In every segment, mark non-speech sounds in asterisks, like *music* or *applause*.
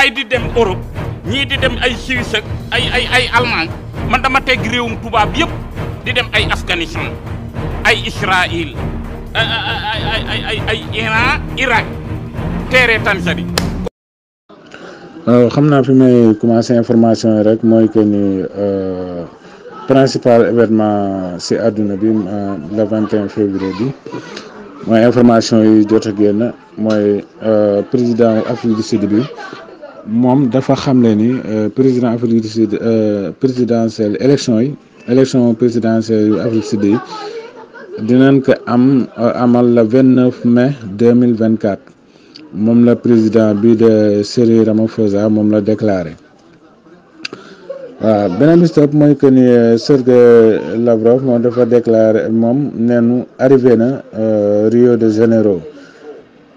gaay di dem Europe ñi di dem ay Suisse ak ay ay ay allemand man dama teg réewum tubaab yépp di dem ay Afghanistan ay Israël ay ay ay ay ay Iran Irak teere Tanzanie xam naa fi may commencé information yi rek mooy que ni euh, principal événement si àdduna bi euh, le 21 février bi mooy information yi jot a génn mooy euh, président Afrique du Sud bi moom dafa xamle ni euh, président Afrique du Sud euh, élection yi élection présidentielle yu Afrique Sud yi ko am euh, amal le 29 mai 2024. Mme la président bi de Cyril Ramaphosa moom la déclaré waaw beneen bis topp mooy que ni serge Lavrov moom dafa déclaré moom nous arrivé na Rio de Janeiro.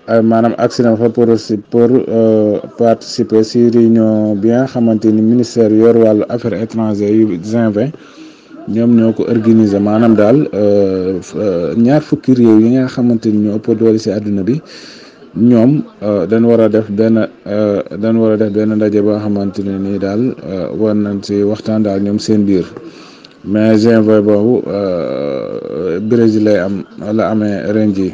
maanaam agsi na fa pour pour euh, participer si réunion bien nga xamante ni ministère yor wàllu affaires étrangères yu g ñoom ñoo ko organiser maanaam daal euh, euh, ñaar fukki réew yi nga xamante ni ñoo ëpp doole si àdduna bi ñoom dañ war a def benn dañ war a def ndaje boo xamante ne nii daal war nañ si waxtaan daal ñoom seen biir mais G20 boobu Brésil lay am la amee ren jii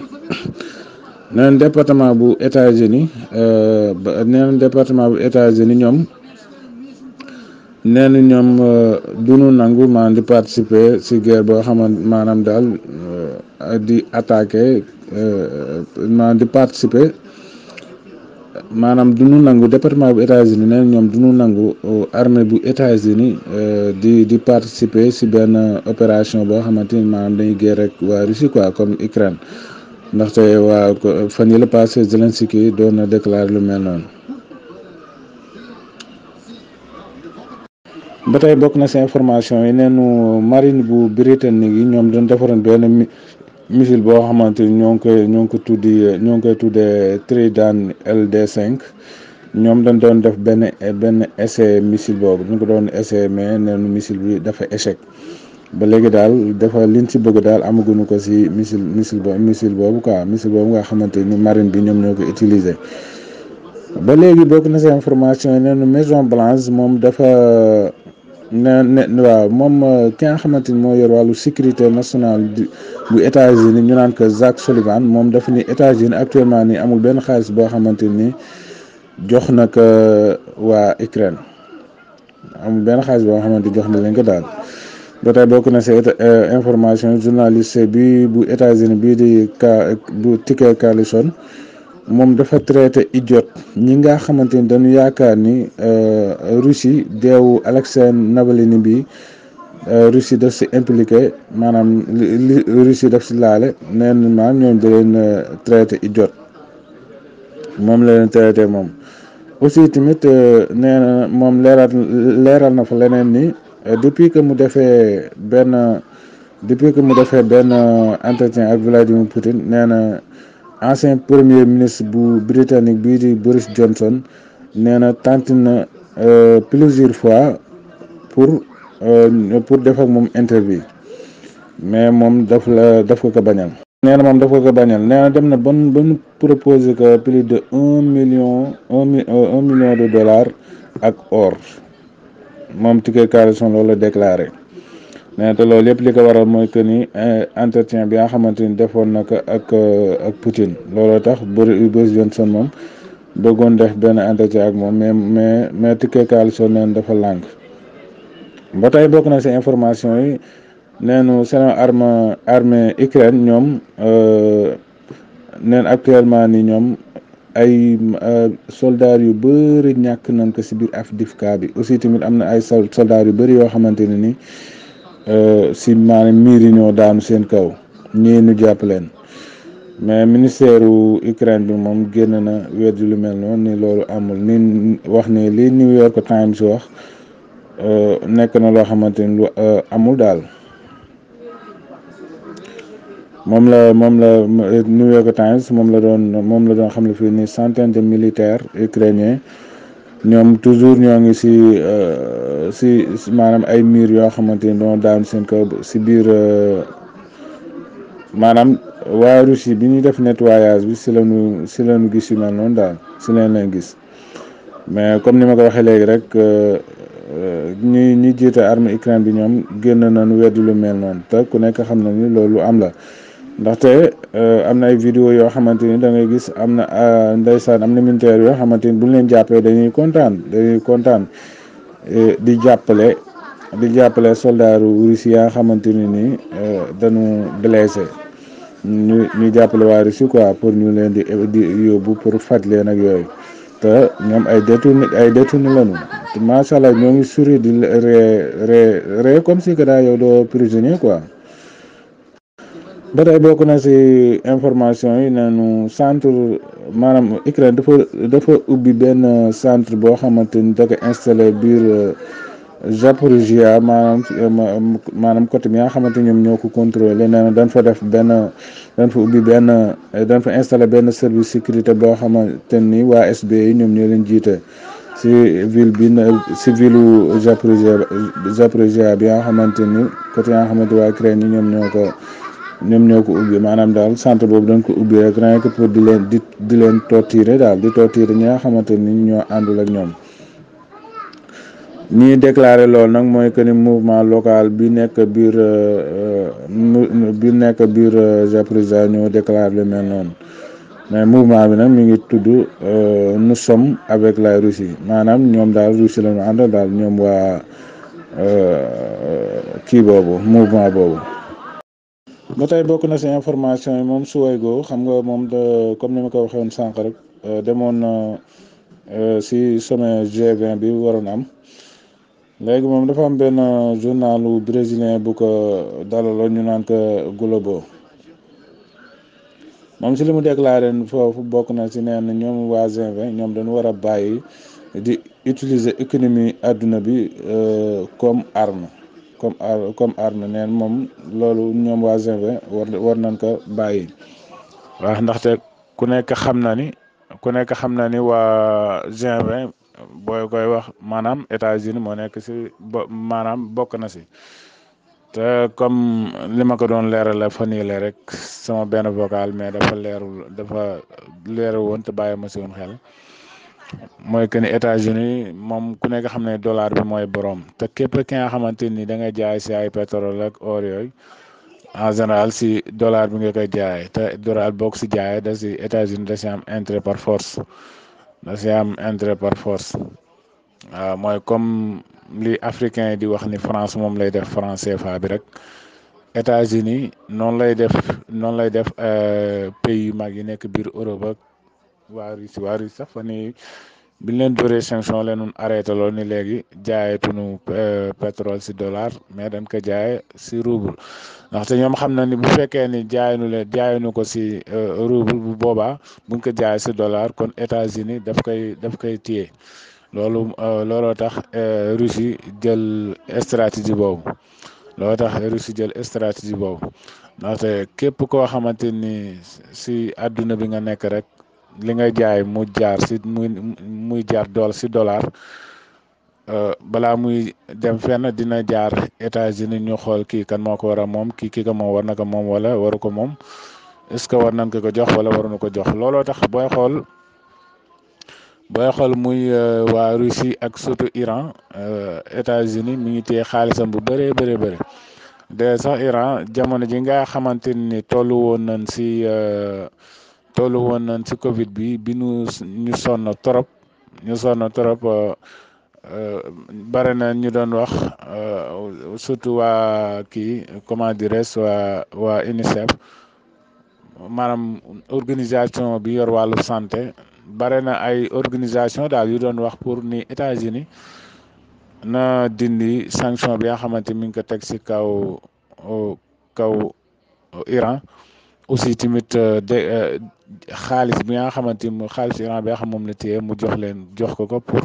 neneen département bu États-Unis euh, neneen département bu États-Unis ñoom nee ñoom euh, dunu nangu maanaam di participer si guerre boo xamante maanaam daal euh, di attaquer maanaam di participer maanaam dunu nangu département bu États-Unis nee ñoom dunu nangu armée bu États-Unis di di participer si benn opération boo xamante ni maanaam dañuy guerre rek waa Russie quoi comme ndaxte waa fan yële passé Zelensky doon na déclaré lu mel noonu. ba tey bokk na ci information yi neenu marine bu britannique yi ñoom doon defaroon benn missile boo xamante ni ñoo ngi koy ñoo ngi ko tuddi ñoo ngi koy tuddee Trident LD5 ñoom dañ doon def benn benn essai missile boobu dañ ko doon essai mais neenu missile bi dafa échec. ba léegi daal dafa liñ ci bëgg daal amaguñu ko si missile missile boobu missile boobu quoi missile boobu nga xamante ni marine bi ñoom ñoo ko utiliser. ba léegi bokk na si information yi ne Maison Blanche moom dafa ne ne waaw moom euh, ki nga xamante ni moo yor wàllu sécurité nationale bu États-Unis ñu naan ko Jacques Sullivan moom dafa ni États-Unis actuellement nii amul benn xaalis boo xamante ni jox na ko euh, waa Ukraine amul benn xaalis boo xamante ni jox na leen ko daal. ba tey bokk na si euh, information journaliste bi bu États-Unis bii di ka bu Tucker Carlson moom dafa traité idiot ñi nga xamante ni dañu yaakaar ni euh, Russie deewu Alexei Navalny bi euh, Russie daf si impliqué maanaam li Russie daf si laale neen maam ñoom da leen traité idiot moom leen traité moom aussi tamit nee na moom leeral na fa leneen ni depuis que nous avons un depuis entretien avec Vladimir Poutine l'ancien premier ministre britannique Boris Johnson a tenté euh, plusieurs fois pour euh, pour interview mais il daf ko ko bañal que plus de 1 million million de dollars à or. moom Tucker Carlson loolu la déclaré nee loolu yëpp li ko waral mooy que ni eh, entretien bi nga xamante ni defoon na ko ak eh, ak Poutine looloo tax Boris Johnson moom bëggoon def benn entretien ak moom mais mais mais Tucker Carlson neen dafa làng ba tey bokk na si information yi neenu seen arme armée Ukraine ñoom eh, neen actuellement ni ñoom ay euh, soldats yu bëri ñàkk nañ ko si biir Afdifka bi aussi tamit am na ay soldats yu bëri yoo xamante ne ni si euh, maanaam miir yi ñoo daanu seen kaw ñii jàpp leen mais ministère wu Ukraine bi moom génn na weddi lu mel noonu ni loolu amul ni wax ni li New York Times wax euh, nekk na loo xamante ni lu amul daal. mom la mom la New York Times mom la don mom la don xam fi ni centaine de militaires ukrainiens ñom toujours ñoo ci ci manam ay mur yo xamanteni ni daan sen ko ci bir manam wa waa Russie bi ni def nettoyage bi ci lañu ci lañu gis yu mel non daal ci lañ leen gis mais comme ni ma ko waxe léegi rek ñi ñi jité armée Ukraine bi ñom génn nañu wéddu lu mel non ta ku nekk xamna ni loolu am la ndaxte euh, am na ay vidéo yoo xamante ni da gis am na euh, ndeysaan am na militaire yoo xamante ni buñ leen jàppee dañuy kontaan dañuy kontaan euh, di jàppale di jàppale soldaaru Russie yaa xamante ni ni dañu blessé ñu ñu jàppale waa Russie quoi pour ñu leen di di yóbbu pour faj leen ak yooyu te ñoom ay détourné ay détourné lañu macha allah ñoo ngi suri di ree ree comme si que daa yow doo prisonnier quoi. ba tey na si information yi nañu centre maanaam Ukraine dafa dafa ubbi benn centre boo xamante ni da installé biir euh, Zaporijia maanaam maanaam côté bi nga xamante ñoom ñoo ko contrôlé nee na dañ fa def benn dañ fa ubbi benn dañ installé benn service sécurité boo xamante ni waa SB ñoom ñoo leen jiite si ville bi si ville Zaporijia Zaporijia bi nga xamante ni côté nga xamante waa Ukraine yi ñoom ñoo ko. ñoom ñoo ko ubbi maanaam daal centre boobu dañ ko ubbi rek rien pour di leen di di leen torturer daal di torturer ñi nga xamante ni ñoo àndul ak ñoom ñi déclaré loolu nag mooy que ni mouvement local bi nekk biir euh, euh, bi nekk biir euh, Japruza ñoo déclaré lu mel noonu mais mouvement bi nag mi ngi tudd nu somme avec la Russie maanaam ñoom daal Russie la ñu ànd daal ñoom waa kii boobu mouvement boobu. ba tey bokk na si information yi moom Sohaybo xam nga moom comme ni ma ko waxee woon sànq rek euh, demoon na si euh, sommet G20 bi waroon am léegi moom dafa am benn journalu brésilien bu ko dalaloon ñu naan ko Globo moom si li mu déclaré foofu bokk na si neen ñoom waa g ñoom dañu war a bàyyi di utiliser économie àdduna bi euh, comme arme. comme arme comme arme neen moom loolu ñoom waa G20 war war nañ ko bàyyi waaw ndaxte ku nekk xam na ni ku nekk xam na ni waa G20 booy koy wax maanaam États-Unis moo nekk si bo maanaam bokk na si te comme li ma ko doon leeral fa rek sama benn vocal mais dafa leerul dafa leeru woon te bàyyi ma si xel. mooy que ni États-Unis moom ku nekk xam ne dollar bi mooy borom te képp ki nga xamante ni da jaay si ay pétrole ak or yooyu en général si dollar bi nga koy jaay te dollar boo si jaayee da si États-Unis da si am intérêt par force da si am intérêt par force waaw mooy comme li africain di wax ni France moom lay def franc CFA bi rek États-Unis noonu lay def lay def euh, pays yu mag yi nekk biir Europe ak. waa Russie waa Russie sax fa ni biñ leen dóoree sanction leen arrêté lool ni léegi jaayatuñu euh, pétrole si dollar mais dañ ko jaay si rouble ndaxte ñoom xam na ni bu fekkee ni jaayuñu leen jaayuñu ko si euh, rouble bu boobaa buñ ko jaay si dollar kon États-Unis daf koy daf koy téye loolu euh, looloo tax Russie jël stratégie boobu looloo tax Russie jël stratégie boobu ndaxte képp koo xamante ni si àdduna bi nga nekk rek li ngay jaay mu jaar si muy muy jaar dool si dollar euh, balaa muy dem fenn dina jaar États-Unis ñu xool kii kan moo ko war a moom kii kii ko moom war na ko moom wala waru ko moom est-ce que war nañ ko ko jox wala waruñu ko jox looloo tax booy xool booy xool muy euh, waa Russie ak surtout Iran euh, États-Unis mi ngi téye xaalisam bu bëree bëri bëri de sax Iran jamono ji nga xamante ni tollu woon nañ si. toll woon nañ si Covid bi bi ñu ñu sonn trop ñu sonn trop euh, euh, bare na ñu doon wax euh, surtout waa kii comment dirais waa waa maanaam organisation bi yor wàllu santé bare na ay organisation daal yu doon wax pour ni États-Unis na dindi sanction bi nga xamante mi ngi ko teg si kaw kaw Iran. aussi tamit euh, euh, xaalis bi nga xamante ni xaalis Iran bi nga xam moom la téye mu jox leen jox ko ko pour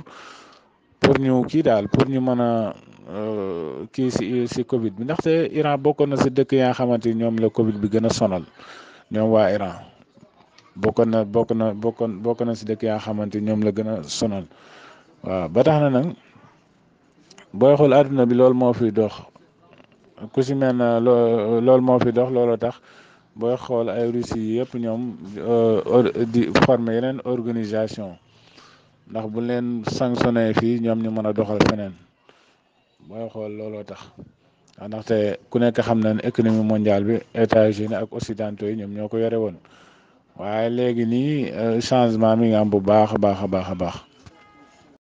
pour ñu kii daal pour ñu mën a euh, kii si si Covid bi ndaxte Iran bokkoon na si dëkk yaa xamante ni ñoom la Covid bi gën a sonal ñoom waa Iran bokkoon na bokk na bokkoon bokk na si dëkk yaa xamante ni ñoom la gën a sonal waaw ba tax na nag booy xool àdduna bi loolu moo fi dox ku si mel loolu moo fi dox looloo tax. booy xool ay Russie yi yëpp ñoom euh, di former yeneen organisation ndax bu leen sanctionné fii ñoom ñu mën a doxal feneen booy xool looloo tax ndaxte ku nekk xam na ne économie mondiale bi États-Unis ak Occidentaux yi ñoom ñoo ko yore woon waaye léegi nii euh, changement mi nga am bu baax a baax a baax a baax.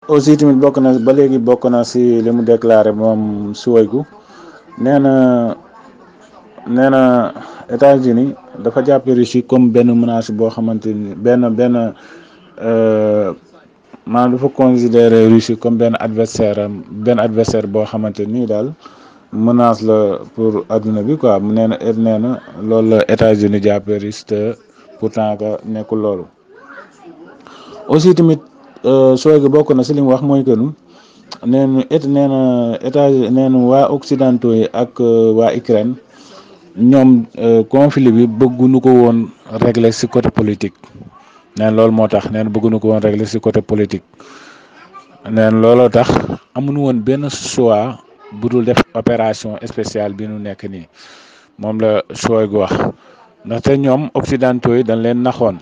aussi tamit bokk na ba léegi bokk na si li mu déclaré moom si woygu nee nee na États-Unis dafa jàppe Russie comme benn menace boo xamante ni benn benn euh, maanaam dafa considérer Russie comme benn adversaire am benn adversaire boo xamante nii daal menace la pour adduna bi quoi mu nee na nee na loolu la États-Unis jàppe Russie te pourtant que nekkul loolu aussi tamit euh, soo bokk na si li wax mooy que nu nee na nee na waa Occidentaux yi ak euh, waa Ukraine ñoom euh, conflit bi bëgguñu ko woon régler ci côté politique neen loolu moo tax neen bëgguñu ko woon régler ci côté politique neen looloo tax amuñu woon benn choix bu dul def opération spéciale bi nu nekk nii moom la choix gu wax ndaxte ñoom occidentaux yi dañ leen naxoon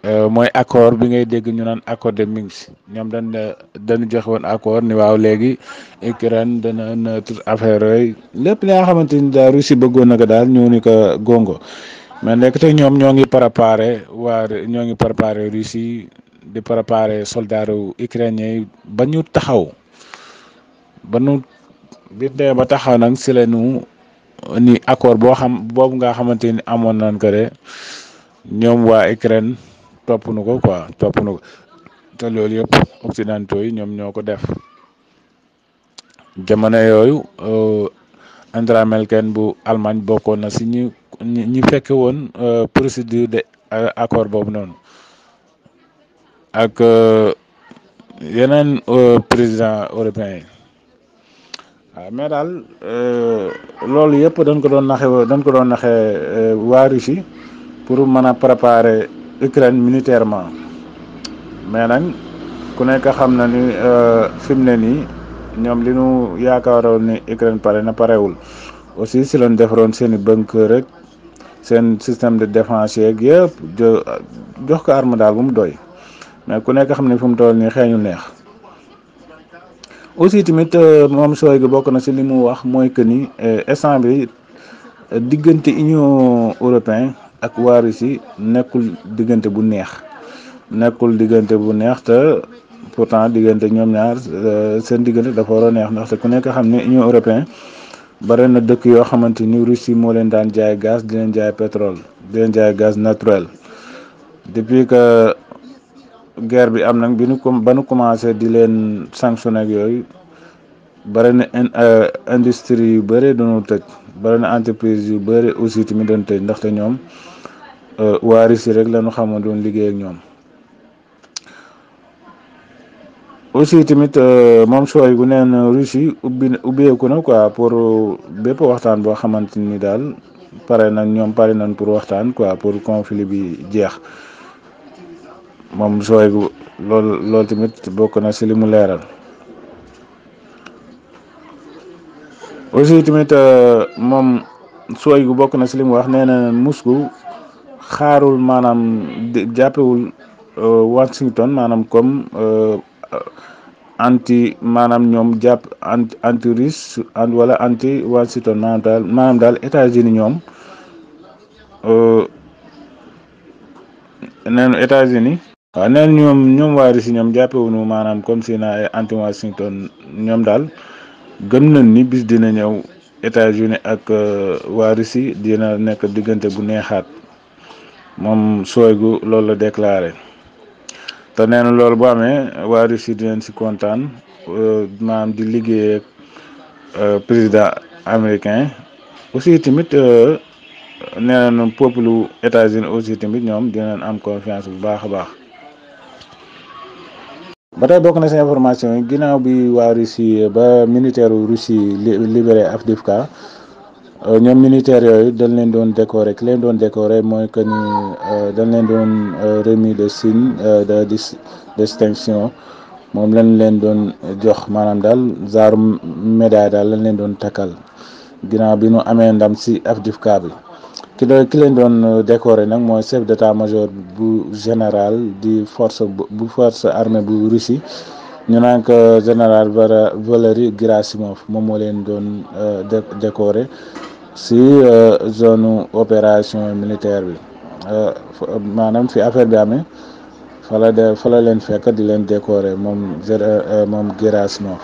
Euh, mooy accord bi ngay dégg ñu naan accord de Minsk ñoom dañ dañu joxe woon accord ni waaw léegi Ukraine dana neutre affaire yooyu lépp li nga xamante ni daal Russie bëggoon na ko daal ñu ni ko gongo mais nekk te ñoom ñoo ngi préparé waa ñoo ngi préparé Russie di préparé soldaaru ukrainien yi ba ñu taxaw ba nu biir dee ba taxaw nag si la ni accord boo xam boobu nga xamante ni amoon nañ ko de ñoom waa Ukraine. topp nu ko quoi topp nu ko te loolu yëpp occidentaux yi ñoom ñoo ko def jamono yooyu euh, Angela Merkel bu Allemagne bokkoon na si ñi ñi fekke woon euh, procédure de euh, accord boobu noonu ak yeneen président européen yi waaw ah, daal loolu yëpp dañ ko doon naxe dañ ko pour mën préparer Ukraine militairement mais nag ku nekk xam na ni euh, fi mu ne nii ñoom li nu yaakaaroon ni Ukraine pare na parewul aussi si lañ defaroon seen i bunker rek seen système de défense yeeg yëpp jox ko arme daal bu mu doy mais ku nekk xam ne fi mu toll nii xeeñu neex aussi tamit euh, moom sooy bokk na si li mu wax mooy que ni euh, instant bi diggante Union européen ak waa Russie nekkul diggante bu neex nekkul diggante bu neex te pourtant diggante ñoom ñaar euh, seen diggante dafa war a neex ndaxte ku nekk xam ne Union européenne bare na dëkk yoo xamante ni Russie moo leen daan jaay gaz di leen jaay pétrole di leen jaay gaz naturel depuis que guerre bi am nag bi nu comme ba nu commencé di leen sanctionné yooyu bare na euh, industrie yu bëri dañoo tëj bare na entreprise yu bëri aussi tamit doon tëj ndaxte ñoom. Euh, waaris yi rek la ñu xamoon doon liggéey ak ñoom aussi tamit euh, moom sooy bu neen Russie ubbi ubbeeku na quoi pour euh, bépp waxtaan boo xamante ni daal pare na ñoom pare nañ pour waxtaan quoi pour conflit bi jeex moom sooy bu loolu loolu tamit bokk na si li mu leeral. aussi tamit moom sooy bu bokk na si li mu wax nee na Moscou xaarul maanaam jàppewul euh, Washington maanaam comme euh, anti maanaam ñoom jàpp anti anti wala anti Washington maanaam daal maanaam daal États-Unis ñoom euh, neen États-Unis waaw neen ñoom ñoom waa Russie ñoom jàppewuñu maanaam comme si na ay anti Washington ñoom daal gëm nañ ni bis dina ñëw États-Unis ak waa Russie dina nekk diggante bu neexaat moom Soygu lolou la déclaré te nee na loolu bu amee waa ñen ci contane euh maanaam di liggéey euh président américain aussi tamit euh, nee nañu peuple États-Unis aussi tamit ñoom dinañ am confiance bu baax baax. ba tay bokk na ci information ginaaw bi wa Russie ba militaire Russie libéré Avdiivka Euh, ñoom militaire yooyu dañ leen doon décorer ki leen doon décorer mooy que ni euh, dañ leen doon euh, remis le signe de distinction moom lañ leen doon jox maanaam daal zaaru médaille daal lañ leen doon takkal ginnaaw bi nu amee ndam si Afdifka bi ki doon ki leen doon décorer nag mooy chef d'état-major bu général di force bu force armée bu Russie ñu naan ko général Valery Gerasimov moom moo leen doon décorer si euh, zone opération militaire bi euh, maanaam fi affaire bi amee fala de fala leen fekk di leen décorer moom euh, moom Gerasimov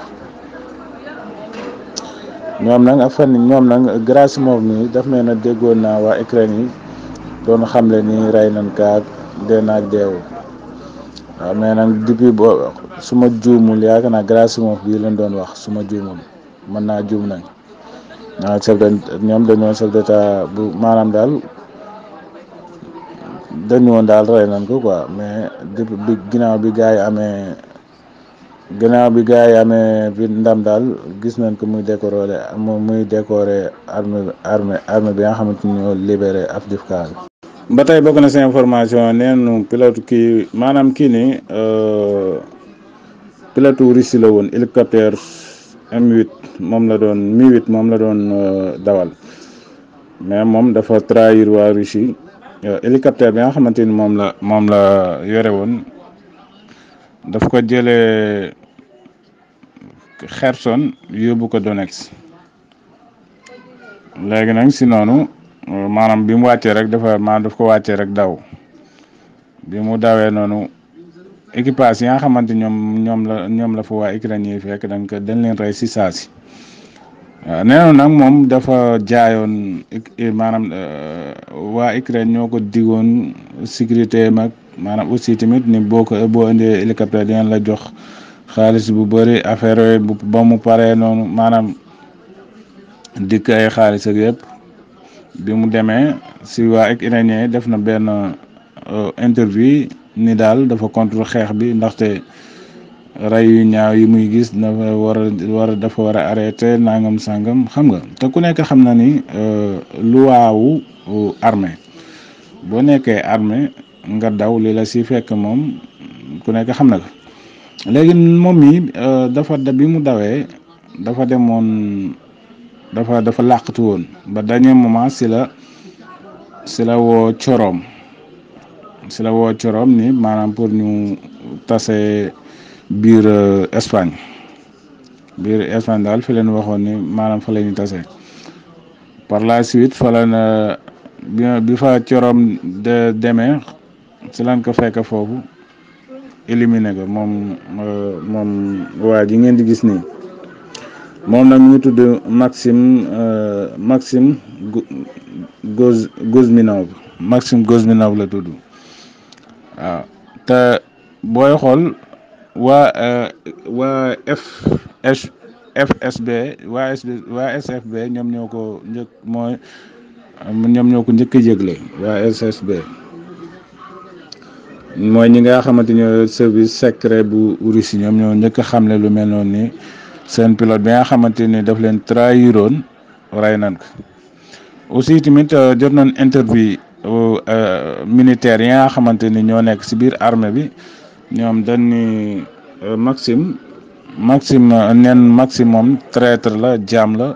ñoom nag ak fan ñoom nag Gerasimov mi daf mel ne déggoon naa waa Ukraine yi doon xamle ni rey nañ kaag dee naag deewu waaw mais nag depuis bo su ma juumul yaakaar naa Gerasimov bii leen doon wax suma ma juumul mën naa juum nag. chef de ñoom dañoo chef d'état bu maanaam daal dañu woon daal rey nañ ko quoi mais depuis bi ginnaaw bi gars yi amee ginnaaw bi gars yi amee bi ndam daal gis nañ ko muy décoré muy décoré armée armée armée bi nga xamante ni ñoo libéré Avdiivka bi. ba tey bokk na si information neenu pilote kii maanaam kii nii euh, pilote Russie la woon hélicoptère M8. mom la doon mi huit la doon euh, dawal mais mom dafa trahir wa rishi euh, hélicoptère bi nga xamanteni mom la mom la yoré won daf ko jëlee Kherson yobou ko donex. légui nak si nonu, euh, manam bi mu wàccee rek dafa man daf ko wàccee rek daw bi mu dawee noonu équipage yi nga xamanteni ñom ñom la ñom la fu wa Ukraine fekk dañ ko dañ leen ray ci saasi neenu nag moom dafa jaayoon eh, maanaam eh, waa Ukraine ñoo ko digoon sécurité mag maanaam aussi tamit ni boo ko boo indee hélicoptère dinañ la jox xaalis bu bëri affaire yooyu ba mu paree noonu maanaam dikk ay xaalis ak yëpp bi mu demee si waa Ukraine def na benn eh, interview ni daal dafa contre xeex bi ndaxte. ray ñaaw yi muy gis dafa war a war a dafa war a arrêté nangam sangam xam nga te ku nekk xam na ni lu euh, luwaawu euh, armée boo nekkee armée nga daw li la si fekk moom ku nekk xam na ko léegi moom mi euh, dafa da bi mu dawee dafa demoon dafa dafa làqatu woon ba dernier moment si la si la woo coroom si la woo coroom ni maanaam pour ñu tase. biir euh, Espagne biir Espagne daal fi leen waxoon ni maanaam fa la ñu tase par la suite fa la euh, bi fa corom de demee si lan ko fekk foofu éliminé ko moom euh, moom waa ji ngeen di gis nii moom nag ñu tudd Maxime Maxime Goz Gozminov Maxime Gozminov la tudd waaw te booy xool. waa euh, waa FH FSB waa SB waa SFB ñoom ñoo ko njëkk mooy ñoom ñoo ko njëkk a yëgle waa SSB mooy ñi nga xamante ni service secret bu Russie ñoom ñoo njëkk a le lu mel noonu ni seen pilote bi nga xamante ni daf leen trahiroon rey nañ ko aussi tamit euh, jot nañ interview euh, militaire yi nga xamante ni ñoo nekk si biir armée bi. ñoom dañ ni euh, Maxime Maxime neen Maxime moom traitre la jaam la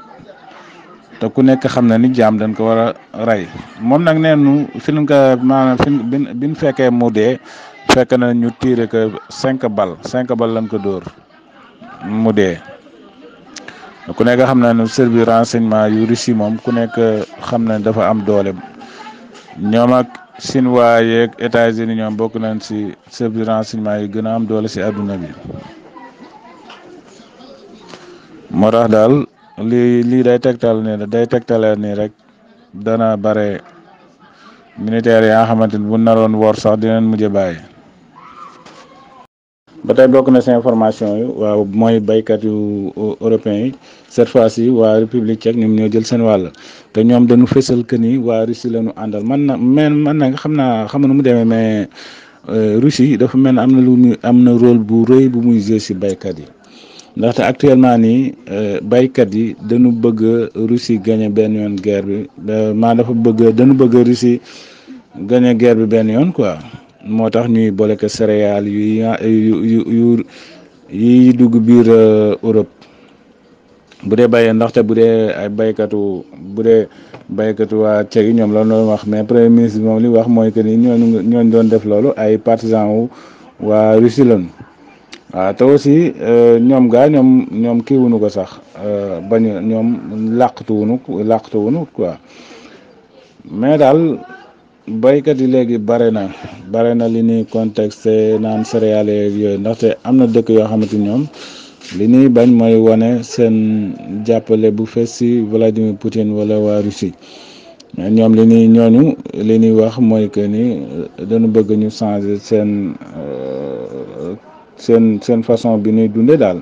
te ku nekk xam na ni jaam dañ ko war a rey moom nag neenu fi ñu ko maanaam fi bin fekkee mu dee fekk na ñu tiire ko cinq bal cinq bal lañ ko dóor mu dee ku nekk xam na ne service renseignement yu Russie moom ku nekk xam na dafa am doole ñoom Sinwaa yeeg États-Unis ñoom bokk nañ si chef de renseignement yi gën a am doole si àdduna bi moo tax daal lii lii day tegtal nii day tegtale nii rek dana bare militaire yaa xamante ni bu naroon wor sax dinañ mujj bàyyi. ba tey bokk na si information yi waaw mooy baykat yu euh, européens yi cette fois yi waa république tchèque ñoom ñoo jël seen wàll te ñoom dañu fësal que ni waa Russie la ñu àndal man na man man na nga xam naa xam nu mu demee mais euh, Russie dafa mel ne am na lu muy am na rôle bu rëy bu muy jouer si baykat yi ndaxte actuellement nii euh, baykat yi danu bëgg Russie gagné benn yoon guerre bi maa dafa bëgg dañu bëgg Russie gagné guerre bi benn yoon quoi. moo tax ñuy boole ko céréales yu yu yu yi dugg biir euh, Europe bu de béyee ndaxte bu de ay baykatu bu dee baykatu waa Tchèque yi ñoom loolu wax mais premier ministre bi moom li wax mooy que ni ñooñu ñooñu doon def loolu ay partisan wu waa Russie lañu waaw te aussi euh, ñoom gaa ñoom ñoom kii ko sax euh, bañ ñoom làqtu wuñu làqtu wuñu mais daal. baykat yi léegi bare na bare na li ñuy contexte naan céréales yeeg yooyu ndaxte am na dëkk yoo xamante ñoom li ñuy bañ mooy wane seen jàppale bu fees si Vladimir Poutine wala waa Russie ñoom li ñuy ñooñu li ñuy wax mooy que ni dañu bëgg ñu changé seen euh, seen seen façon bi nuy dundee daal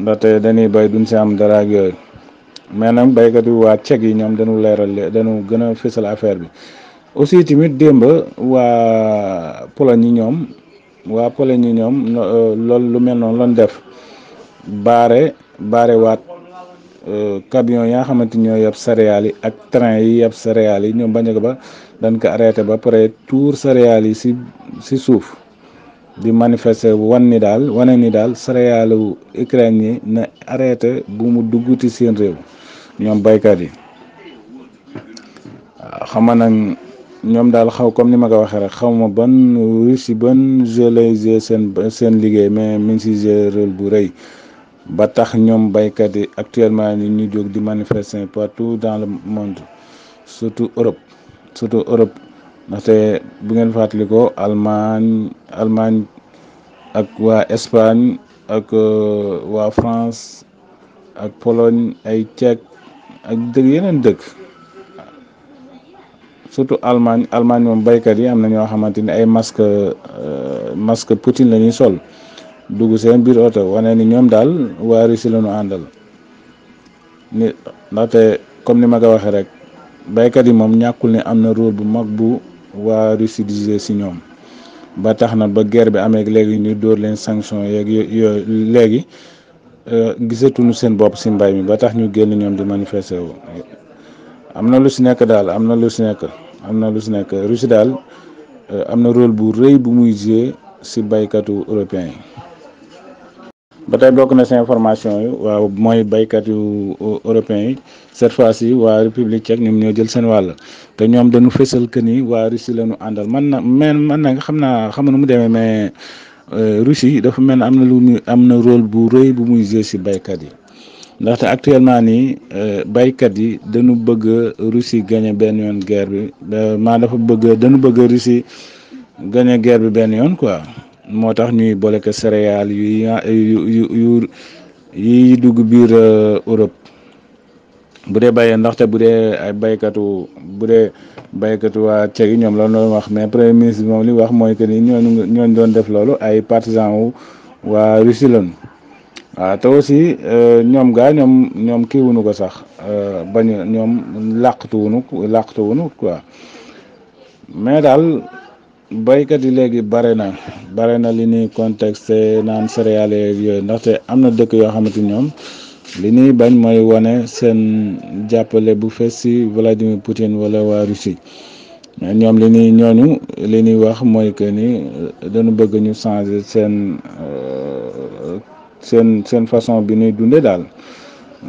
ndaxte dañuy bay duñ si am dara ak yooyu mais nag baykat yi waa Tchèque yi ñoom dañu leeral dañu gën a fësal affaire bi. aussi tamit démb waa Pologne yi ñoom waa Pologne yi ñoom euh, loolu lu mel noonu loon def baare baare waat euh, camion yaa xamante ñoo yab céréales yi ak train yi yab céréales yi ñoom bañ ko ba dañ ko arrêté ba pare tour céréales yi si si suuf di manifester wan ni daal wane ni daal céréales yu Ukraine yi na arrêté bu mu dugguti seen réew ñoom baykat yi waaw ñoom daal xaw comme ni ma ko waxee rek xaw ma ban si ban jeu lay jeu seen liggéey mais mi ngi si jeu rôle bu rëy ba tax ñoom baykat yi actuellement ni ñu jóg di manifester partout dans le monde surtout Europe surtout Europe ndaxte bu ngeen fàttalikoo Allemagne Allemagne ak waa Espagne ak euh, waa France ak Pologne ay Tchèque ak dëkk yeneen dëkk. surtout Allemagne Allemagne moom baykat yi am na ñoo xamante ni ay masque euh, masque Poutine lañuy sol dugg seen biir oto wane ni ñoom daal waa Russie la àndal ni ndaxte comme ni ma ko waxee rek baykat yi moom ñàkkul ne am na rôle bu mag bu waa Russie di jouer si ñoom ba tax na ba ger bi amee léegi ñu dóor leen sanction yeeg yooyu léegi euh, gisatuñu seen bopp si mbay mi ba tax ñu génn ñoom di manifester wu am na lu si nekk daal am na lu si nekk. xam na lu si nekk Russie daal am na rôle bu rëy bu muy joué si baykatu européen yi ba tey bokk na si information yi waaw mooy baykat yu européen yi cette fois-ci waa république tchèque ñoom ñoo jël seen wàll te ñoom dañu fësal que ni waa Russie la ñu àndal man na man man na nga xam naa xam nu mu demee mais Russie dafa mel ne am na lu muy am na rôle bu rëy bu muy joué si baykat yi ndaxte actuellement nii euh, baykat yi dañu bëgg Russie gagné benn yoon guerre bi maa dafa bëgg danu bëgg russi gagné guerre bi benn yoon quoi moo tax ñuy bloqué céréales yu yu yu yi dugg biir euh, Europe bu dee bayee ndaxte bu dee ay baykatu bu dee baykatu waa Tchèque ñoom la doon wax mais premier ministre moom li wax mooy que nii ñooñu ñooñu doon def loolu ay partisans wu waa Russie lañu waaw ah, te aussi euh, ñoom gaa ñoom ñoom kii ko sax euh, bañu ñoom làqatu wunu làqatu wunu quoi mais daal baykat yi léegi bare na bare na li ñuy contexte naan céréales yooyu ndaxte am na dëkk yoo xamante ñoom li ñuy bañ mooy wane seen jàppale bu fees si Vladimir Poutine wala waa Russie ñoom li ñuy ñooñu li ñuy wax mooy que ni dañu bëgg ñu changé seen. Euh, sen sen façon bi ñuy dundee daal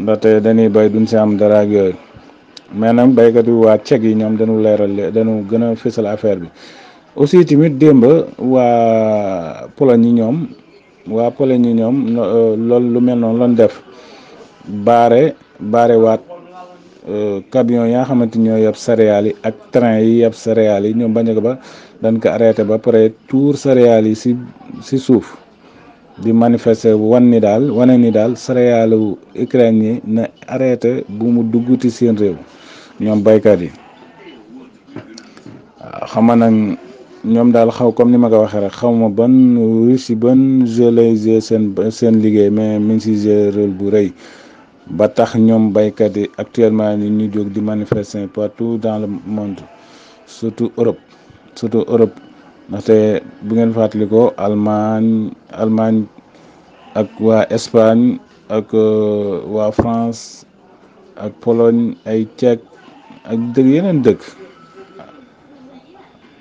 ndaxte dañuy bay duñ ci am dara ak yoy manam bay baykat du wa ceg yi ñom dañu léral lé dañu gëna fessel affaire bi aussi timit demba wa Pologne ñi ñom wa Pologne eh, ñi ñom lool lu mel non lañ def baré baré wat camion eh, ya xamanteni ñoy yab céréales ak train yi yab céréales yi ñoom bañ ko ba dañ ko arrêté ba paré tour céréales yi ci si suuf di manifester wan ni daal wane ni daal céréalu Ukraine yi na arrêté bu mu dugguti seen réew ñoom baykat yi waaw xama nag ñoom daal xaw comme ni ma ko waxee rek xawma ban Russie ban jeu lay jeu seen seen liggéey mais mi ngi jeu rôle bu rëy ba tax ñoom baykat yi actuellement ni ñu jóg di manifester partout dans le monde surtout Europe surtout Europe ndaxte bu ngeen fàttalikoo Allemagne Allemagne ak waa Espagne ak euh, waa France ak poloñ ay Tchèque ak dëkk yeneen dëkk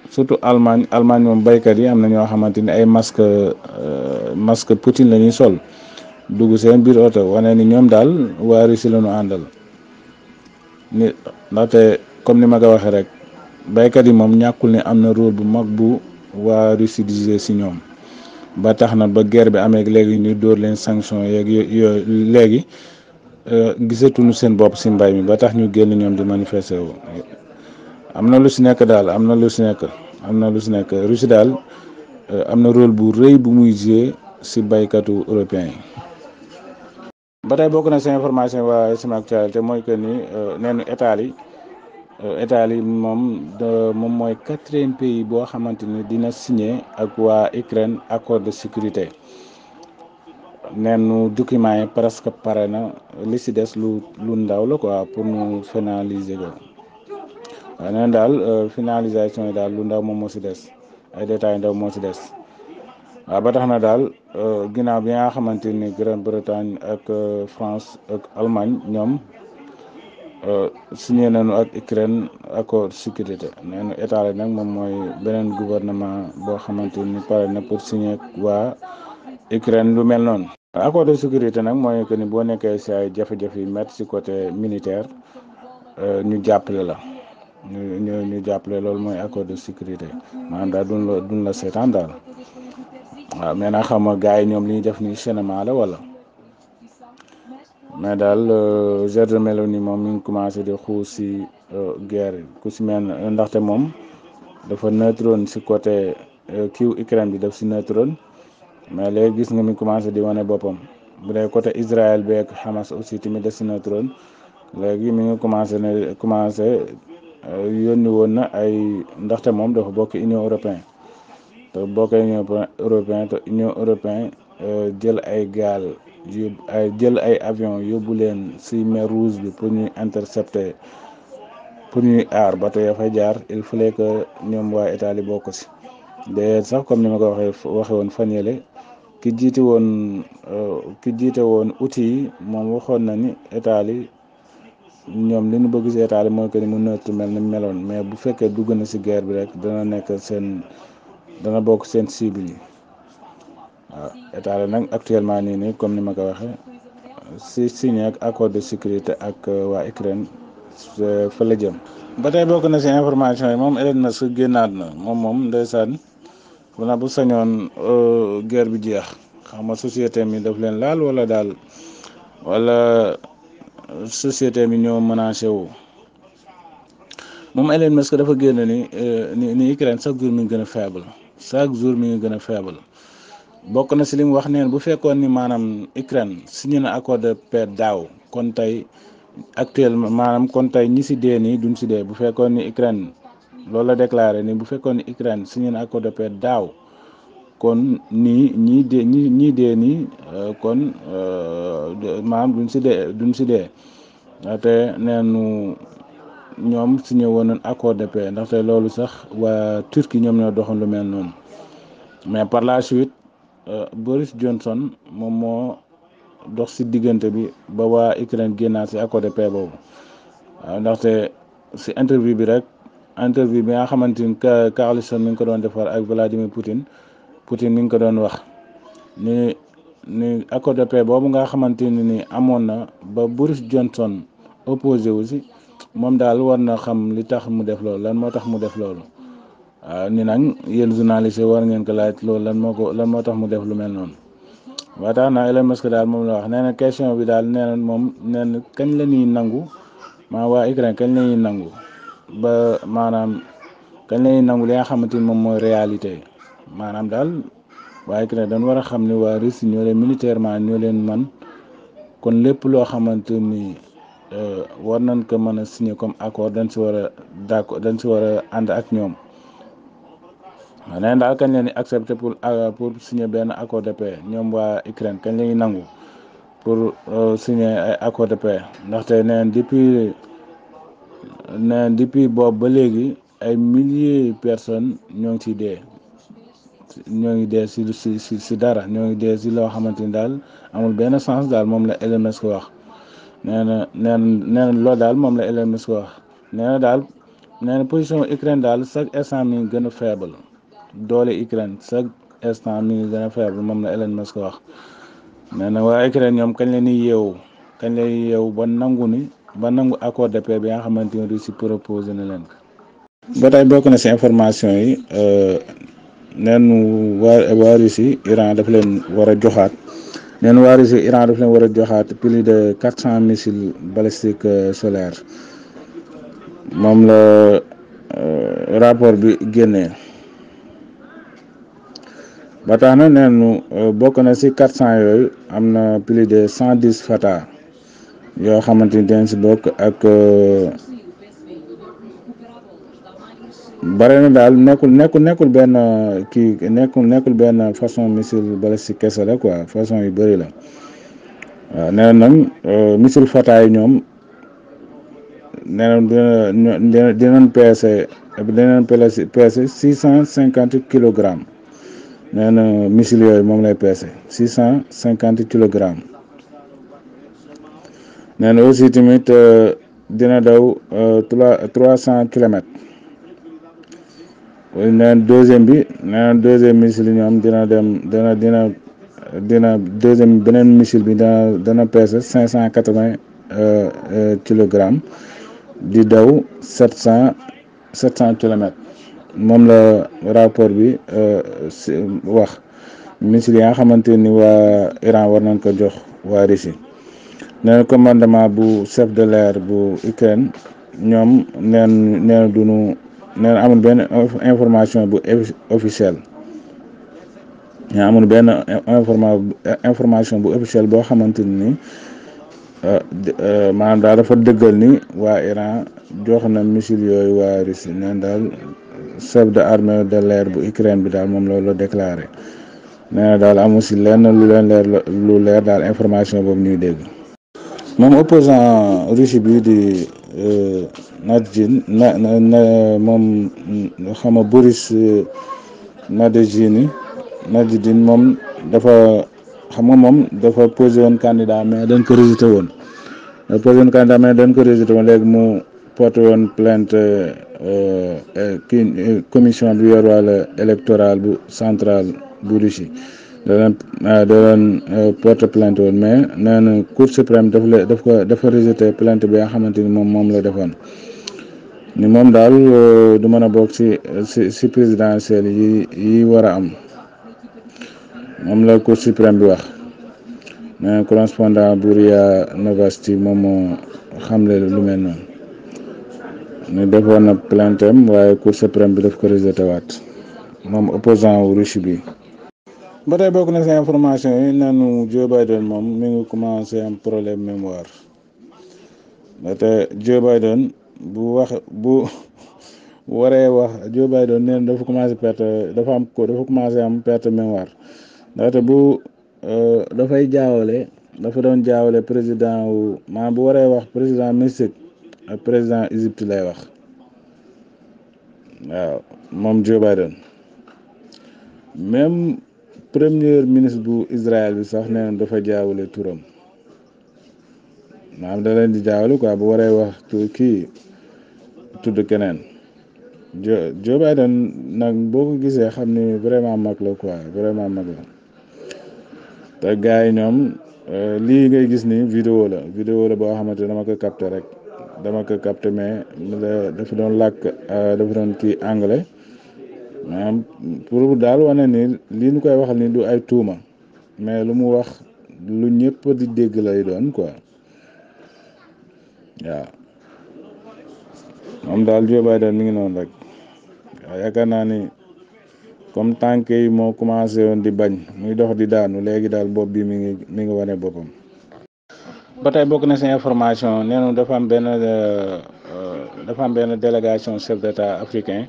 surtout Allemagne Allemagne moom baykat yi am na ñoo xamante ni ay masque euh, masque Poutine la sol dugg seen biir oto wane ni ñoom daal waa Russie la àndal ni ndaxte comme ni ma ko waxee rek baykat yi moom ñàkkul ne am na rôle bu mag bu. waa Russie di si ñoom ba tax na ba guerre bi amee léegi ñu dóor leen sanction yeeg yooyu léegi euh, gisatuñu seen bopp si mbay mi ba tax ñu génn ñoom di manifester wu am na lu si nekk daal am na lu si nekk am na lu si nekk Russie daal euh, am na rôle bu rëy bu muy jouer si baykatu européen yi. ba tey bokk na si information waa sama actualité mooy que ni euh, neenu état yi. Italie euh, moom moom mooy quatrième pays boo xamante ni dina signé ak waa Ukraine accord de sécurité neenu document yi presque pare na li si des lu lu ndaw la quoi pour ñu finaliser ko waaye neen daal euh, finalisation yi daal lu ndaw moom moo si des ay détails ndaw moo si des waaw ba tax na daal euh, ginaaw bi nga xamante ni Grande-Bretagne ak France ak Allemagne ñoom Euh, signé nañu ak Ukraine accord sécurité nee état la nag moom mooy beneen gouvernement boo xamante ni pare na pour signé waa Ukraine lu mel noonu. accord de sécurité nag mooy que ni boo nekkee si ay jafe-jafe yu métti si côté militaire euh, ñu jàppale la. ñu ñu ñu jàppale loolu mooy accord de sécurité maanaam daal duñ la la seetaan daal waaw mais nag xam nga gars yi ñoom li ñu def nii cinéma la wala. mais daal euh, Giorgia Meloni moom mi ngi commencé di xuus si euh, guerre yi ku si mel euh, ndaxte moom dafa neutroon si côté kiiw Ukraine bi def si neutroon mais léegi gis nga mi commencé di wane boppam bu dee côté Israël beeg Hamas aussi tamit daf si neutroon léegi mi ngi commencé ne commencé yónni woon na ay ndaxte moom dafa bokk Union européenne te bokk Union européenne te Union européenne jël ay gaal. yóbbu ay jël ay avion yóbbu leen si mer rouge bi pour ñuy intercepter pour ñuy aar bato ya fa jaar il fallait que ñoom waa itali bokk si de sax comme ni ma ko waxee waxee woon fan yële ki jiite woon euh, ki jiite woon outils yi moom waxoon na ni Italie ñoom li ñu bëgg si Italie mooy que ni mu neutre mel ni meloon mais bu fekkee dugg na si guerre bi rek dana nekk seen dana bokk seen cible yi. waaw ah, état la nag actuellement nii nii comme ni ma ko waxee si signé ak accord de sécurité ak euh, wa Ukraine euh, fa la jëm. ba tey bokk na si information yi moom Elon Musk génnaat na moom moom ndeysaan bu na bu sañoon euh, guerre jeex xam nga société mi def leen laal wala daal wala société mi ñoo menacé wu. moom Elon Musk dafa génn ni ni Ukraine chaque jour mi ngi gën a faible chaque jour mi ngi gën a faible. bokk na si li mu wax neen bu fekkoon ni maanaam Ukraine signé na accord de paix daaw kon tey actuellement maanaam kon tey ñi si dee nii duñ si dee bu fekkoon ni Ukraine loolu la déclaré ni bu fekkoon ni Ukraine signé na accord de paix daaw kon nii ñii dee ñii dee nii euh, kon euh, maanaam duñ si dee duñ si dee te neenu ñoom signé woon nañ accord de paix ndaxte loolu sax waa Turquie ñoom ñoo doxoon lu mel noonu mais par la suite. Euh, Boris Johnson moom moo dox si diggante bi ba waa Ukraine génnaat si accord de paix boobu waaw euh, ndaxte si interview bi rek interview bi nga xamante ni Carlson mi ngi ko doon defar ak Vladimir Poutine Poutine mi ngi ko doon wax ni ni accord de paix boobu nga xamante ne ni amoon na ba Boris Johnson opposé wu si moom daal war na xam li tax mu def loolu lan moo tax mu def loolu. waaw ah, ni nag yéen journaliste yi war ngeen ko laaj loolu lan moo ko lan moo tax mu def lu mel noonu waxtaan tax na Elon daal moom la wax nee na question bi daal nee na moom nee na kañ la ñuy nangu maa waa Ukraine kañ la nangu ba maanaam kañ la nangu li nga xamante ni moom mooy réalité maanaam daal waa Ukraine dañ war a xam ni waa Russie ñoo leen militairement ñoo leen man kon lépp loo xamante ni euh, war nañ ko mën a signé comme accord dañ si war a d'accord dañ si war a ànd ak ñoom nee daal kañ leen di accepté pour euh, pour signer benn accord de paix ñoom waa Ukraine kañ la ñuy nangu pour euh, signer ay accord de paix ndaxte neen depuis neen depuis boobu ba léegi ay milliers personnes ñoo ngi ciy dee ñoo ngi dee si si si dara ñoo ngi dee si loo xamante ni daal amul benn sens daal moom la Elon Musk wax nee na nee na loolu daal moom la Elon Musk wax nee na daal nee na position Ukraine daal chaque instant mi gën a faible. doole Ukraine chaque instant mi ngi gën a faible moom la Elon Musk wax nee na waa Ukraine ñoom kañ la ñuy yeewu kañ la ñuy yeewu ba nangu ni ba nangu accord de paix bi nga xamante ni Russie proposé na leen ko. ba tey bokk na si information yi neen waa waa Russie Iran daf leen war a joxaat neen waa Russie Iran daf leen war a joxaat plus de quatre cent missiles balistiques solaires moom la rapport bi génnee. ba tax na nee nu euh, bokk na si quatre cent yooyu am na plus de cent dix fata yoo xamante ni dañ si bokk ak euh, bare na daal nekkul nekkul nekkul benn euh, kii nekkul nekkul benn façon missile si kese la quoi façon yu bëri la waaw nee na nag missile fata yi ñoom nee na dina dina dinañ peese dinañ peese six cent cinquante kilogrammes nee na missile yooyu moom lay peese six cent cinquante kilogrammes nee na aussi tamit euh, dina daw euh, trois trois cent kilomètres nee na bi nee na deuxième missile ñoom dina dem dina dina dina deuxième beneen missile bi dana dana peese cinq cent quatre vingt euh, kilogrammes di daw sept cent sept cent kilomètres. moom la rapport bi euh, wax missile yi nga xamante ni waa Iran war nañ ko jox waa Russie neen commandement bu chef de l'air bu Ukraine ñoom neen neen duñu neen amul benn information bu officielle ñaa amul benn information bu officielle boo xamante ni euh, euh, maanaam daal dafa dëggal ni waa Iran jox na missile yooyu waa Russie neen daal chef de armée de l'air bu Ukraine bi daal moom loolu déclaré nee na amu si leen leer lu leer daal information boobu ñuy dégg moom opposant Russie bi di euh, Nadjin na na na moom xama Boris euh, Nadejini Nadjidin moom dafa xam nga moom dafa posé woon candidat mais dañ ko rejeté woon posé woon candidat mais dañ ko rejeté woon léegi mu porté woon plainte kii euh, euh, euh, commission bi yor wàll électoral bu central bu Russie da ah, doon porte plainte woon mais nee na cour suprême daf la daf ko dafa rejeté plainte bi nga xamante ni moom moom la defoon ni moom daal du mën a bokk si si si présidentielle yi yi war a am moom la cour suprême bi wax mais correspondant bu RIA Novosti moom moo xamle lu mel noonu. ne defoon na plainte waaye cour suprême bi def ko rejeté waat moom opposant wu Russie bi. ba tey bokk na si information yi nanu Joe Biden moom mi ngi commencé am problème mémoire ndaxte Joe Biden bu wax bu *laughs* waree wax Joe Biden nee dafa commencé perte dafa am ko dafa commencé am perte mémoire ndaxte bu euh, dafay jaawale dafa doon jaawale président wu maanaam bu waree wax président Mexique. président Égypte lay wax waaw moom Joe Biden même premier ministre bu Israël bi sax nee dafa jaawle turam maanaam da leen di jaawale quoi bu waree wax tur kii tudd keneen jo Joe Biden nag boo gisee xam ni vraiment mag la quoi vraiment mag la te gars yi ñoom euh, lii ngay gis ni video la video la boo xamante dama ko capté rek dama ko capté mais dafa doon làkk euh, dafa doon kii anglais maanaam pour daal wane ni lii ñu koy waxal ni du ay tuuma mais lu mu wax lu ñëpp di dégg lay doon quoi waaw moom daal Joe Biden mi ngi noonu rek waaw yaakaar naa ni comme tànk yi moo commencé woon di bañ muy dox di daanu léegi daal bopp bi mi ngi mi ngi wane boppam. ba tey bokk na si information nee nañu dafa am benn euh, euh, dafa am benn délégation chef d'état africain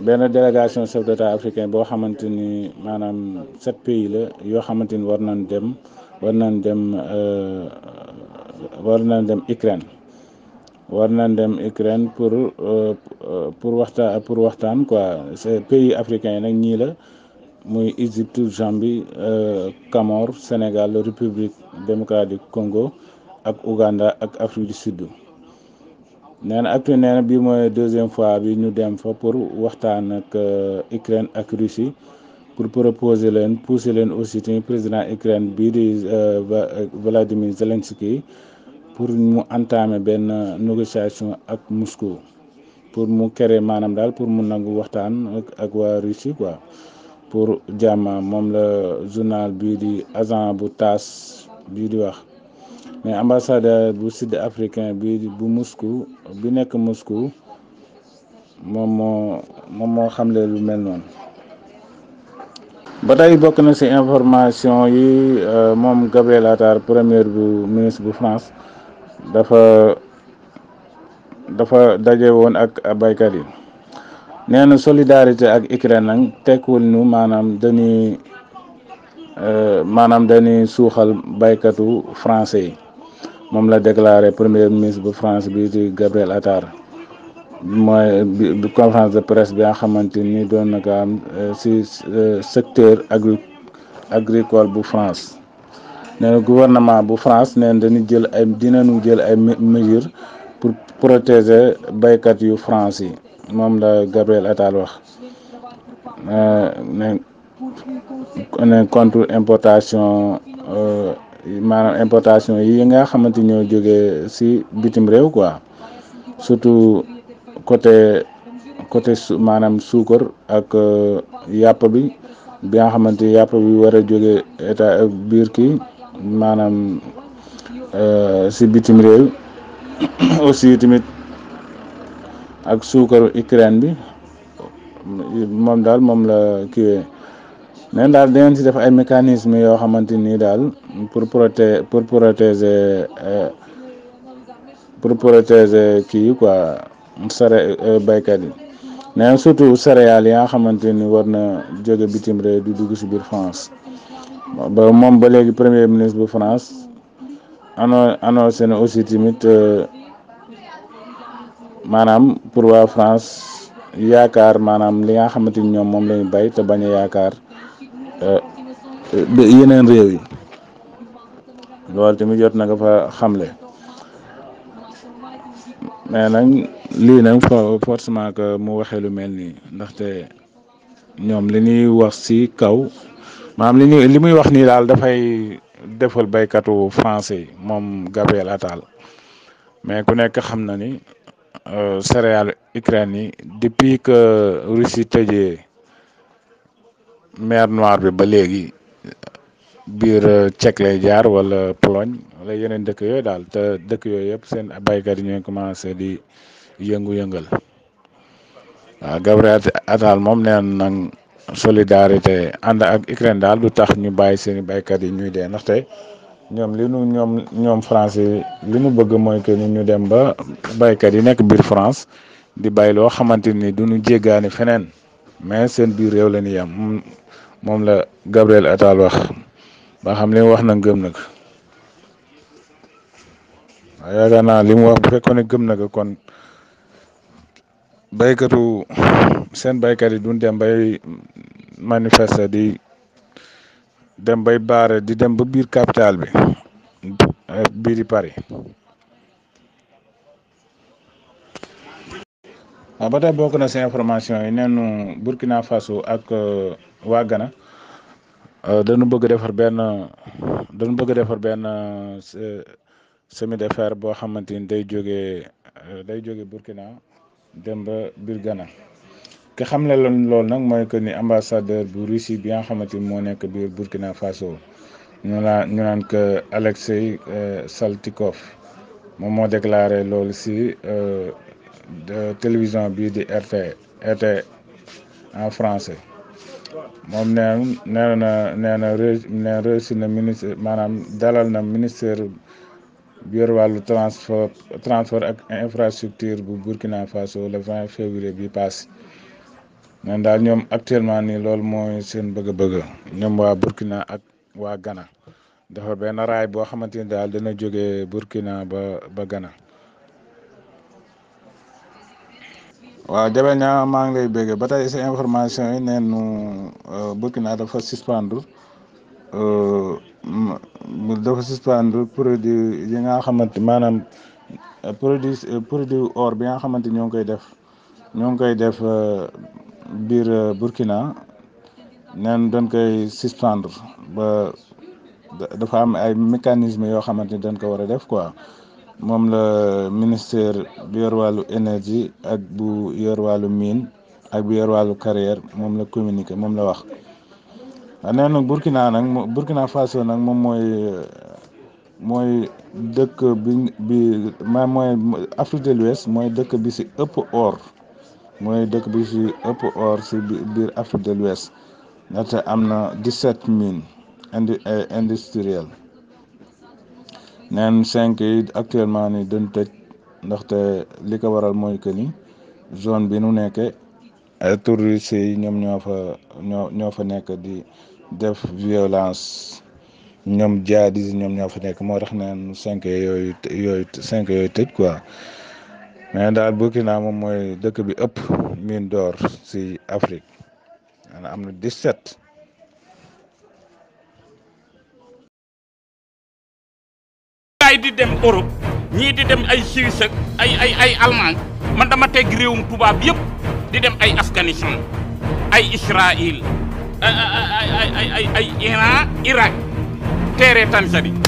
benn délégation chef d'état africain boo xamante ni maanaam sept pays la yoo xamante ni war nañ dem war nañ dem euh, war nañ dem Ukraine war nañ dem Ukraine pour pour waxtaan pour waxtaan quoi c'est pays africain nag ñii la. muy Égypte Gambie euh, Comores Sénégal République démocratique Congo ak Ouganda ak Afrique du Sud nee na actu nee na mooy deuxième fois bi ñu dem fa pour waxtaan ak euh, Ukraine ak Russie pour proposer leen pousser leen aussi tamit président Ukraine bii di euh, Vladimir Zelensky pour mu entamer benn négociation ak Moscou pour mu créer maanaam daal pour mu nangu waxtaan ak waa Russie quoi. pour jàmma moom la journal bii di agent bu taas bii di wax mais ambassadeur bu sud africain bii bu Moscou bi nekk Moscou moom moo xam moo xamle lu mel noon ba tey bokk na ci information yi euh, moom Gabriel Attal premier bu ministre bu France dafa dafa daje woon ak baykat yi nee na solidarité ak Ukraine nag tekkiwul nu maanaam dañuy euh, maanaam dañuy suuxal baykatu français yi moom la déclaré première ministre bu France bi di Gabriel Attal mooy bi conférence de presse bi nga xamante ni doon na ko am euh, si euh, secteur agri agricole bu France nee na gouvernement bu France neen dañu jël ay dinañu jël ay mesures pour protéger baykat yu France yi moom la Gabriel Attal wax euh, ne contre importation euh, maanaam importation yi nga xamante ñoo jógee si bitim réew quoi surtout côté côté maanaam suukar ak euh, yàpp bi bi nga xamante yàpp bi war a jóge état biir kii maanaam si bitim réew *coughs* aussi tamit. ak suukaru Ukraine bi moom daal moom la kiiwee neen daal dangeen si def ay mécanisme yoo xamante nii daal pour proté pour protéger euh, pour protéger kii quoi sare euh, baykat yi neen surtout céréales yi nga xamante ni war na jóge bitim réew di dugg si biir France ba moom ba léegi premier ministre bu France ano na aussi tamit euh, maanaam pour waa France yaakaar maanaam li nga xamante ni ñoom moom la ñu béy te bañ yaakaar euh, euh, yeneen réew yi loolu tamit jot na nga fa xamle mais nag lii nag forcément que mu waxee lu mel nii ndaxte ñoom li ñuy wax si kaw maanaam li ñuy li muy wax nii daal dafay defal béykatu français yi moom Gabriel Attal ku nekk xam na ni. Euh, céréales Ukraine yi depuis que Russie tëjee mer Noire bi ba léegi biir euh, Tchèque lay jaar wala Pologne wala yeneen dëkk yooyu daal te dëkk yooyu yëpp seen baykat yi ñooy commencé di yëngu-yëngal waaw Gabriel Attal moom neen nag solidarité ànd ak Ukraine daal du tax ñu bàyyi seen i baykat yi ñuy dee ndaxte. ñoom li nu ñoom ñoom français li nu bëgg mooy que ñu dem ba baykat yi nekk biir France di bay loo xamante ni du ñu jéggaani feneen mais seen biir réew la ñuy yam la Gabriel Attal wax ba xam li mu wax na gëm na ko waaye naa li mu wax bu fekkoon ne gëm na ko kon baykatu seen baykat yi duñ dem bay manifester di. dem bay baare di dem ba biir capital bi eh, biiri Paris ah, ba tey bokk na si information yi neenu Burkina Faso ak eh, waa Ghana eh, danu bëgg defar benn dañu bëgg defar benn chemin de fer boo xamante day jóge day jóge Burkina dem ba biir gana Je xamle l'ambassadeur Russie Burkina Faso Alexei euh, Saltikov déclaré que euh, euh, télévision de RT en français mom neen le ministre dalal transport transport ak infrastructure du Burkina Faso le 20 février neen daal ñoom actuellement nii loolu mooy seen bëgg-bëgg ñoom waa Burkina ak waa gana dafa benn raay boo xamante ni daal dina jógee Burkina ba ba gana waaw jabe ñaa maa ngi lay bégge ba tey si information yi neen nu euh, Burkina dafa suspendre euh, dafa suspendre produit yi nga xamante maanaam produit produit or bi nga xamante ñoo ngi koy def ñoo ngi koy def euh, biir euh, Burkina neen dan koy suspendre ba dafa am ay mécanisme yoo xamante ni dañ ko war a def koi moom la ministère bi yor wàllu énergie ak bu yor wàllu mine ak bu yor wàllu carrière moom la communiqué moom la wax ah, nee na Burkina nag Burkina Faso nag moom mooy mooy dëkk bi ma mooy Afrique de l'Ouest mooy dëkk bi si ëpp or mooy dëkk bi fi ëpp or si biir Afrique de l'Ouest ndaxte am na 17 mines indi industrielle neen cinq yi actuellement ni dañ tëj ndaxte li ko waral mooy que ni zone bi nu nekke ay touristes ñoom ñoo fa ñoo ñoo fa nekk di def violence ñoom jihadistes ñoom ñoo fa nekk moo tax neen cinq yooyu yooyu cinq yooyu tëj quoi mais daal Burkina moom mooy dëkk bi ëpp mine d'or si Afrique am na 17. ay di dem Europe ñii di dem ay Suisse ak ay ay ay man dama teg réewum tubaab yëpp di dem ay Afghanistan ay Israël ay Iran Irak teere Tanzanie